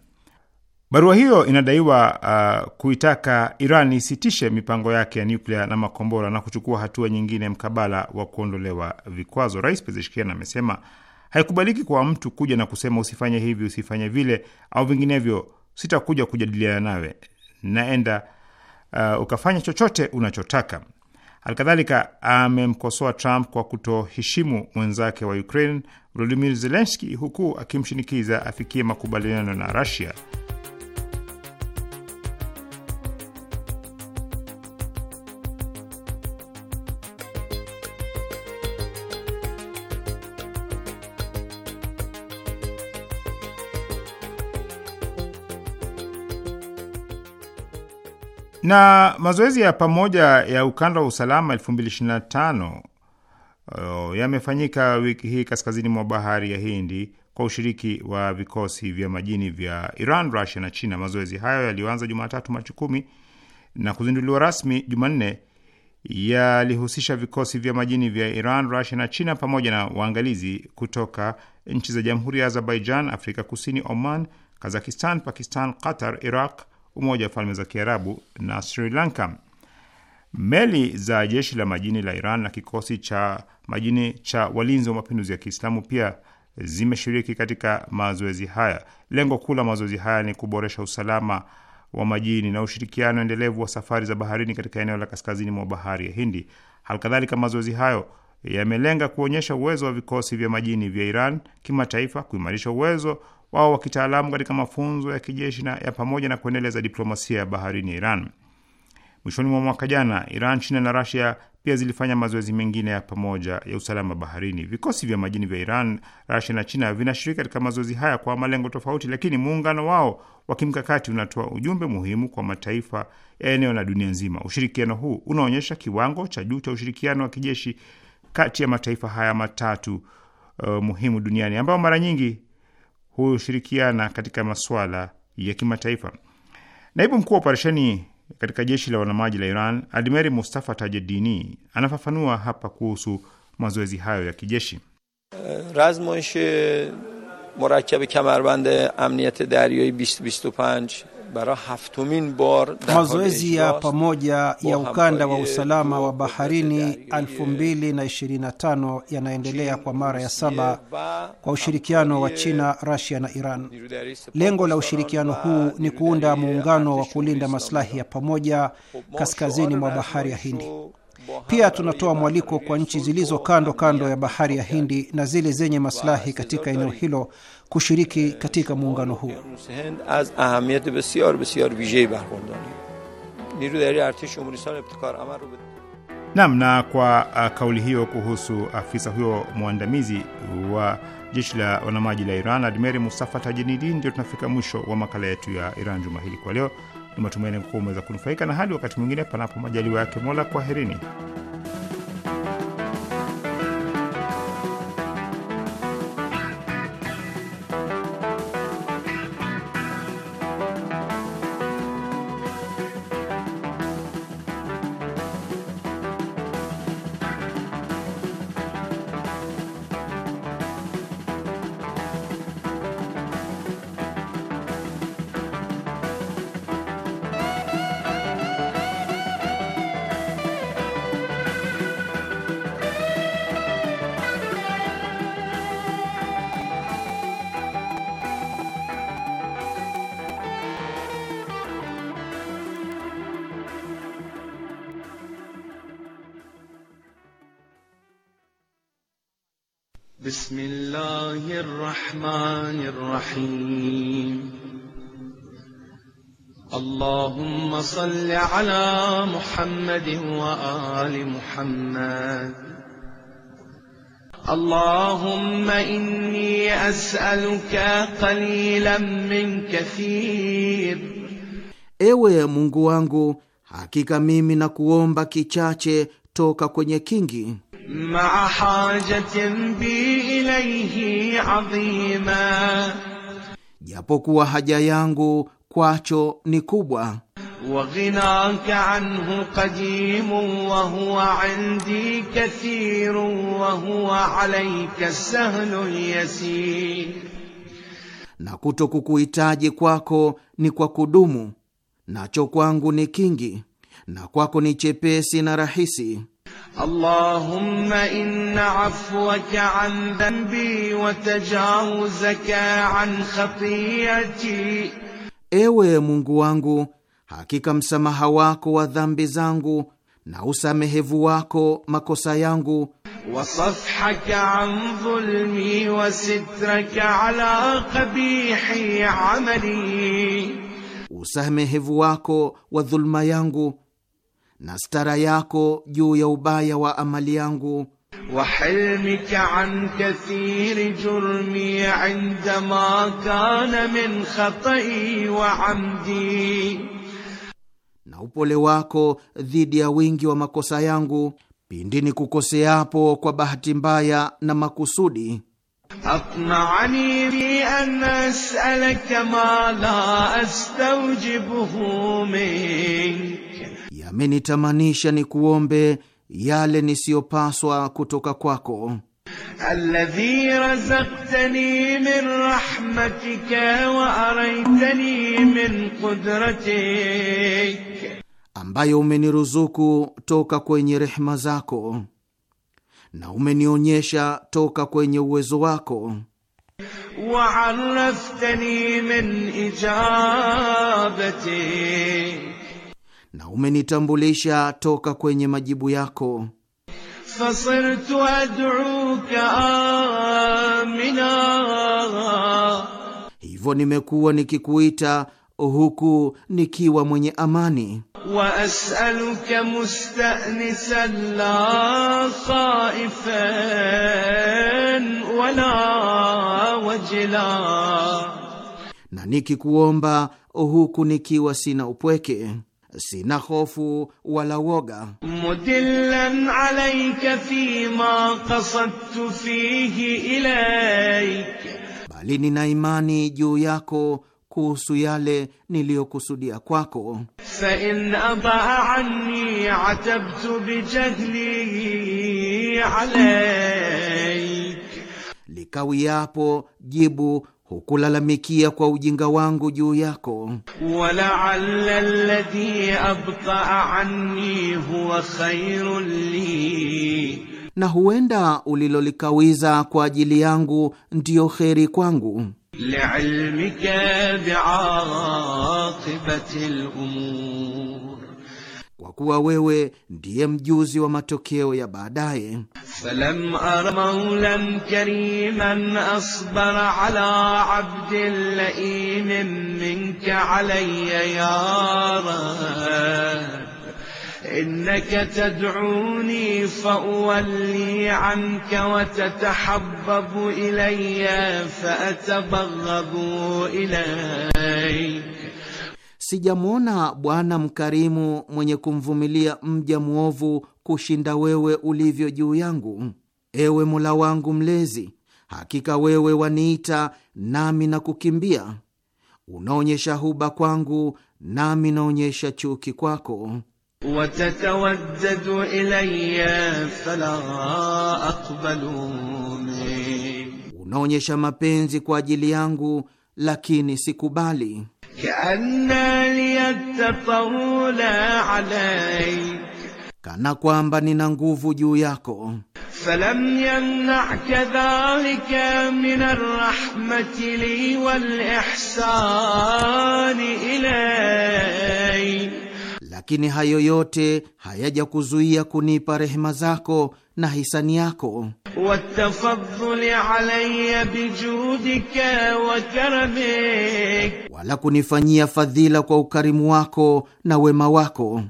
Barua hiyo inadaiwa uh, kuitaka Iran isitishe mipango yake ya nyuklia na makombora na kuchukua hatua nyingine mkabala wa kuondolewa vikwazo. Rais Pezeshkian amesema haikubaliki kwa mtu kuja na kusema usifanye hivi, usifanye vile, au vinginevyo sitakuja kujadiliana nawe, naenda uh, ukafanya chochote unachotaka. Alkadhalika amemkosoa Trump kwa kutoheshimu mwenzake wa Ukraine Volodimir Zelenski, huku akimshinikiza afikie makubaliano na Rusia. Na mazoezi ya pamoja ya ukanda wa usalama 2025 uh, yamefanyika wiki hii kaskazini mwa bahari ya Hindi kwa ushiriki wa vikosi vya majini vya Iran, russia na China. Mazoezi hayo yaliyoanza Jumatatu Machi kumi na kuzinduliwa rasmi Jumanne yalihusisha vikosi vya majini vya Iran, Russia na China pamoja na waangalizi kutoka nchi za Jamhuri ya Azerbaijan, Afrika Kusini, Oman, Kazakistan, Pakistan, Qatar, Iraq, Umoja wa Falme za Kiarabu na Sri Lanka. Meli za jeshi la majini la Iran na kikosi cha majini cha walinzi wa mapinduzi ya Kiislamu pia zimeshiriki katika mazoezi haya. Lengo kuu la mazoezi haya ni kuboresha usalama wa majini na ushirikiano endelevu wa safari za baharini katika eneo la kaskazini mwa bahari ya Hindi. Halikadhalika, mazoezi hayo yamelenga kuonyesha uwezo wa vikosi vya majini vya Iran kimataifa, kuimarisha uwezo wao wa kitaalamu katika mafunzo ya kijeshi na ya pamoja na kuendeleza diplomasia ya baharini ya Iran. Mwishoni mwa mwaka jana, Iran, China na Rasia pia zilifanya mazoezi mengine ya pamoja ya usalama baharini. Vikosi vya majini vya Iran, Rasia na China vinashiriki katika mazoezi haya kwa malengo tofauti, lakini muungano wao wa kimkakati unatoa ujumbe muhimu kwa mataifa ya eneo na dunia nzima. Ushirikiano huu unaonyesha kiwango cha juu cha ushirikiano wa kijeshi kati ya mataifa haya matatu uh, muhimu duniani ambao mara nyingi hushirikiana katika masuala ya kimataifa. Naibu mkuu wa operesheni katika jeshi la wanamaji la Iran, Admeri Mustafa Tajedini, anafafanua hapa kuhusu mazoezi hayo ya kijeshi. razmoish murakkab kamarband amniyat daryai 2025 mazoezi ya pamoja ya ukanda wa usalama wa baharini 2025 yanaendelea kwa mara ya saba kwa ushirikiano wa China, rasia na Iran. Lengo la ushirikiano huu ni kuunda muungano wa kulinda maslahi ya pamoja kaskazini mwa bahari ya Hindi. Pia tunatoa mwaliko kwa nchi zilizo kando kando ya bahari ya Hindi na zile zenye maslahi katika eneo hilo kushiriki katika muungano huo. Nam na kwa uh, kauli hiyo kuhusu afisa huyo mwandamizi wa jeshi la wanamaji la Iran Admeri Mustafa Tajinidi, ndio tunafika mwisho wa makala yetu ya Iran juma hili kwa leo. Ni matumaini kuwa umeweza kunufaika, na hadi wakati mwingine, panapo majaliwa yake Mola, kwaherini. بسم الله الرحمن الرحيم اللهم صل على محمد وآل محمد اللهم إني أسألك قليلا من كثير Ewe Mungu wangu, hakika mimi nakuomba kichache toka kwenye kingi. مع حاجة بي إليه adhima, japokuwa haja yangu kwacho ni kubwa. Wa anhu qadimun wa huwa indi kathirun wa huwa alayka yasir, na kuto kukuhitaji kwako ni kwa kudumu, nacho kwangu ni kingi, na kwako ni chepesi na rahisi. اللهم إن عفوك عن ذنبي وتجاوزك عن خطيئتي Ewe Mungu wangu, hakika msamaha wako wa dhambi zangu na usamehevu wako makosa yangu, wasafhaka an dhulmi wa sitraka ala qabihi amali, usamehevu wako wa dhulma yangu na stara yako juu ya ubaya wa amali yangu wa hilmika an kathiri jurmi inda ma kana min khatai wa amdi, na upole wako dhidi ya wingi wa makosa yangu pindi ni kukoseapo kwa bahati mbaya na makusudi. Atma'ani bi an as'alaka ma la astawjibuhu min yamenitamanisha nikuombe yale nisiyopaswa kutoka kwako. Alladhi min rahmatika wa min qudratik, ambayo umeniruzuku toka kwenye rehma zako na umenionyesha toka kwenye uwezo wako. Wa min umenitambulisha toka kwenye majibu yako. hivyo nimekuwa nikikuita huku nikiwa mwenye amani. na nikikuomba huku nikiwa sina upweke sina hofu wala woga. mudillan alayka qasadtu fihi ilayk, bali nina imani juu yako kuhusu yale niliyokusudia kwako. anni atabtu alayk, likawiyapo jibu hukulalamikia kwa ujinga wangu juu yako. walaala alladhi abtaa anni huwa khairun li, na huenda ulilolikawiza kwa ajili yangu ndiyo kheri kwangu. liilmika biaqibati lumur kuwa wewe ndiye mjuzi wa matokeo ya baadaye. falam ara maulan kariman asbara ala abdin laimin minka alaya ya rab إنك تدعوني فأولي عنك وتتحبب إلي فأتبغض إليك sijamwona Bwana mkarimu mwenye kumvumilia mja mwovu kushinda wewe ulivyo juu yangu. Ewe Mola wangu Mlezi, hakika wewe waniita nami na kukimbia, unaonyesha huba kwangu nami naonyesha chuki kwako. watatawajjadu ilayya fala aqbalu unaonyesha mapenzi kwa ajili yangu, lakini sikubali kana kwamba nina nguvu juu yako. falam yamnaka dhalika min arrahmati li wal ihsani lakini hayo yote hayajakuzuia kunipa rehema zako na hisani yako wala kunifanyia fadhila kwa ukarimu wako na wema wako.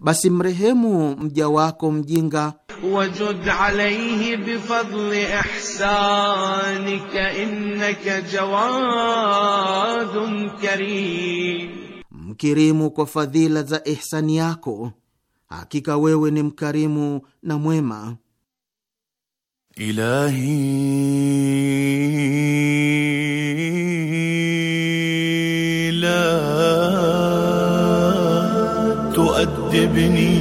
basi mrehemu mja wako mjinga وجد عليه بفضل إحسانك إنك جواد كريم mkirimu kwa fadhila za ihsani yako, hakika wewe ni mkarimu na mwema. Ilahi la tuadibni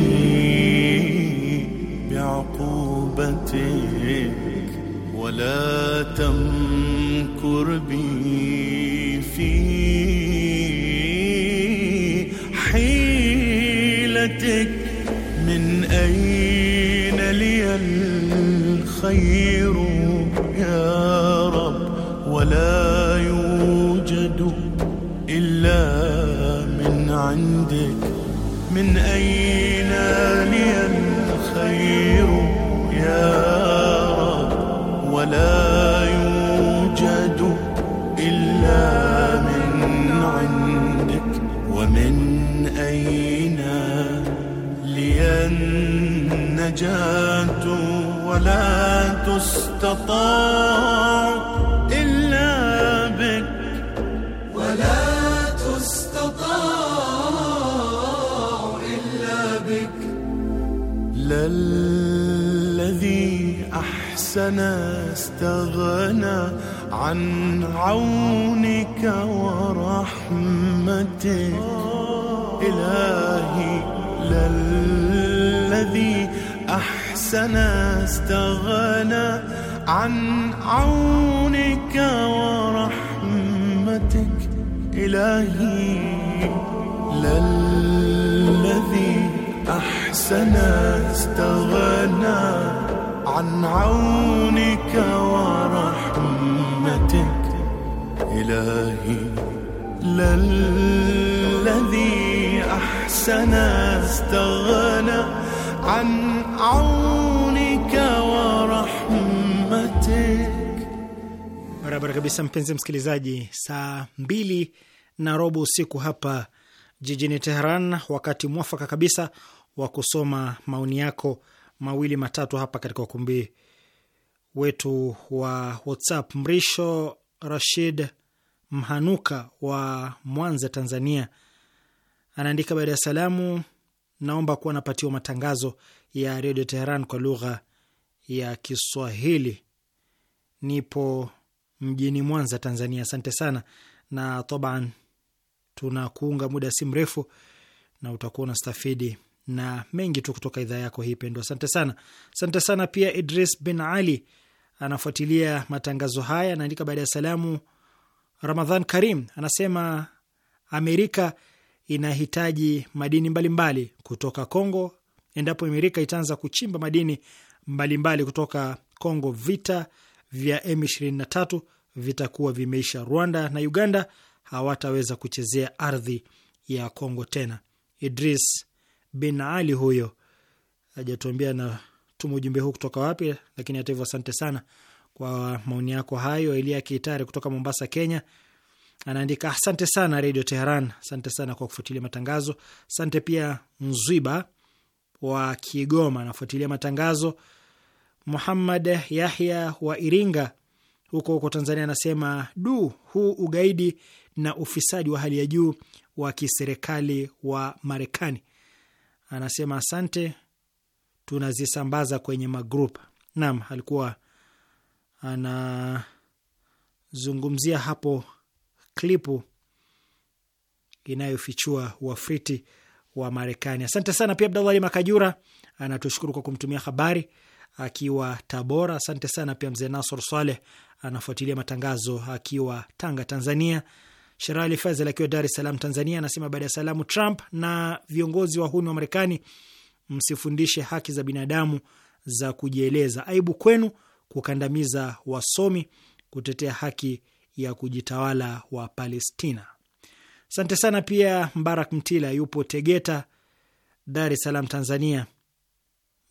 عندك من أين لي الخير يا رب ولا يوجد إلا من عندك ومن أين لي النجاة ولا تستطاع سنة استغنى عن عونك ورحمتك إلهي للذي أحسن استغنى عن عونك ورحمتك إلهي للذي أحسن استغنى عن عونك ورحمتك إلهي للذي أحسن استغنى عن عونك ورحمتك barabara kabisa mpenzi msikilizaji saa mbili na robo usiku hapa jijini Teheran wakati mwafaka kabisa wa kusoma maoni yako mawili matatu hapa katika ukumbi wetu wa WhatsApp. Mrisho Rashid Mhanuka wa Mwanza, Tanzania, anaandika baada ya salamu, naomba kuwa napatiwa matangazo ya Redio Teheran kwa lugha ya Kiswahili. Nipo mjini Mwanza, Tanzania. Asante sana, na taban tunakuunga muda si mrefu na utakuwa unastafidi na mengi tu kutoka idhaa yako hii pendwa. Asante sana, asante sana pia. Idris bin Ali anafuatilia matangazo haya, anaandika baada ya salamu, Ramadhan Karim anasema Amerika inahitaji madini mbalimbali mbali kutoka Kongo. Endapo Amerika itaanza kuchimba madini mbalimbali mbali kutoka Kongo, vita vya M23 vitakuwa vimeisha. Rwanda na Uganda hawataweza kuchezea ardhi ya Kongo tena. Idris bin Ali huyo, na anatuma ujumbe huu kutoka wapi, lakini hata hivyo asante sana kwa maoni yako hayo. Elia Kitare kutoka Mombasa, Kenya anaandika asante sana Redio Teheran, asante sana kwa kufuatilia matangazo. Asante pia Mzwiba wa Kigoma anafuatilia matangazo. Muhammad Yahya wa Iringa huko huko Tanzania anasema du, huu ugaidi na ufisadi wa hali ya juu wa kiserikali wa Marekani anasema asante, tunazisambaza kwenye magrup. Naam, alikuwa anazungumzia hapo klipu inayofichua wafriti wa Marekani. Asante sana pia Abdallah Ali Makajura anatushukuru kwa kumtumia habari akiwa Tabora. Asante sana pia mzee Nasor Swaleh anafuatilia matangazo akiwa Tanga, Tanzania. Sherali Fazel akiwa Dar es Salaam, Tanzania, anasema baada ya salamu, Trump na viongozi wa huni wa Marekani msifundishe haki za binadamu za kujieleza. Aibu kwenu kukandamiza wasomi kutetea haki ya kujitawala wa Palestina. Asante sana. Pia Mbarak Mtila yupo Tegeta, Dar es Salaam, Tanzania,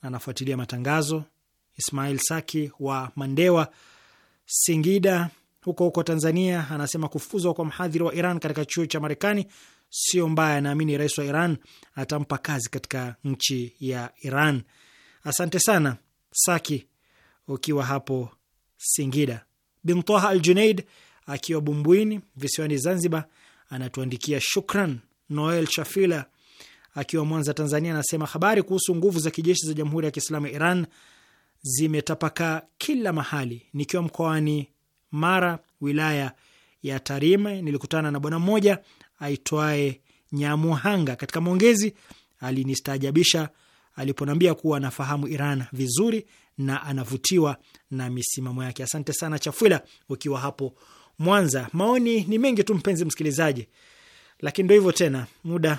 anafuatilia matangazo. Ismail Saki wa Mandewa, Singida huko huko Tanzania anasema kufuzwa kwa mhadhiri wa Iran katika chuo cha Marekani sio mbaya, naamini rais wa Iran atampa kazi katika nchi ya Iran. Asante sana Saki ukiwa hapo Singida. Bintaha Al Junaid akiwa Bumbwini visiwani Zanzibar anatuandikia shukran. Noel Shafila akiwa Mwanza, Tanzania anasema habari kuhusu nguvu za kijeshi za Jamhuri ya Kiislamu ya Iran zimetapakaa kila mahali. Nikiwa mkoani mara, wilaya ya Tarime, nilikutana na bwana mmoja aitwaye Nyamuhanga. Katika maongezi alinistaajabisha aliponambia kuwa anafahamu Iran vizuri na anavutiwa na misimamo yake. Asante sana Chafwila, ukiwa hapo Mwanza. Maoni ni mengi tu, mpenzi msikilizaji, lakini ndo hivyo tena, muda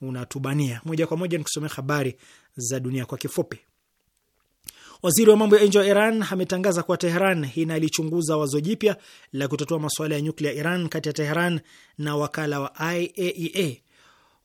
unatubania. Moja kwa moja nikusomea habari za dunia kwa kifupi. Waziri wa mambo ya nje wa Iran ametangaza kuwa Teheran inalichunguza wazo jipya la kutatua masuala ya nyuklia Iran kati ya Teheran na wakala wa IAEA. E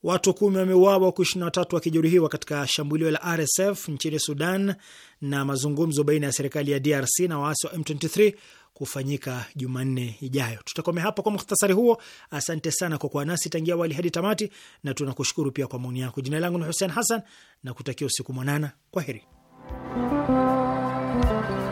Watu kumi wameuawa huku ishirini na watatu wakijeruhiwa katika shambulio la RSF nchini Sudan na mazungumzo baina ya serikali ya DRC na waasi wa M23 kufanyika Jumanne ijayo. Tutakomea hapa kwa mukhtasari huo. Asante sana kwa kuwa nasi tangia wali hadi tamati, na tunakushukuru pia kwa maoni yako. Jina langu ni Hussein Hassan na kutakia usiku mwanana. Kwa heri. Thank you.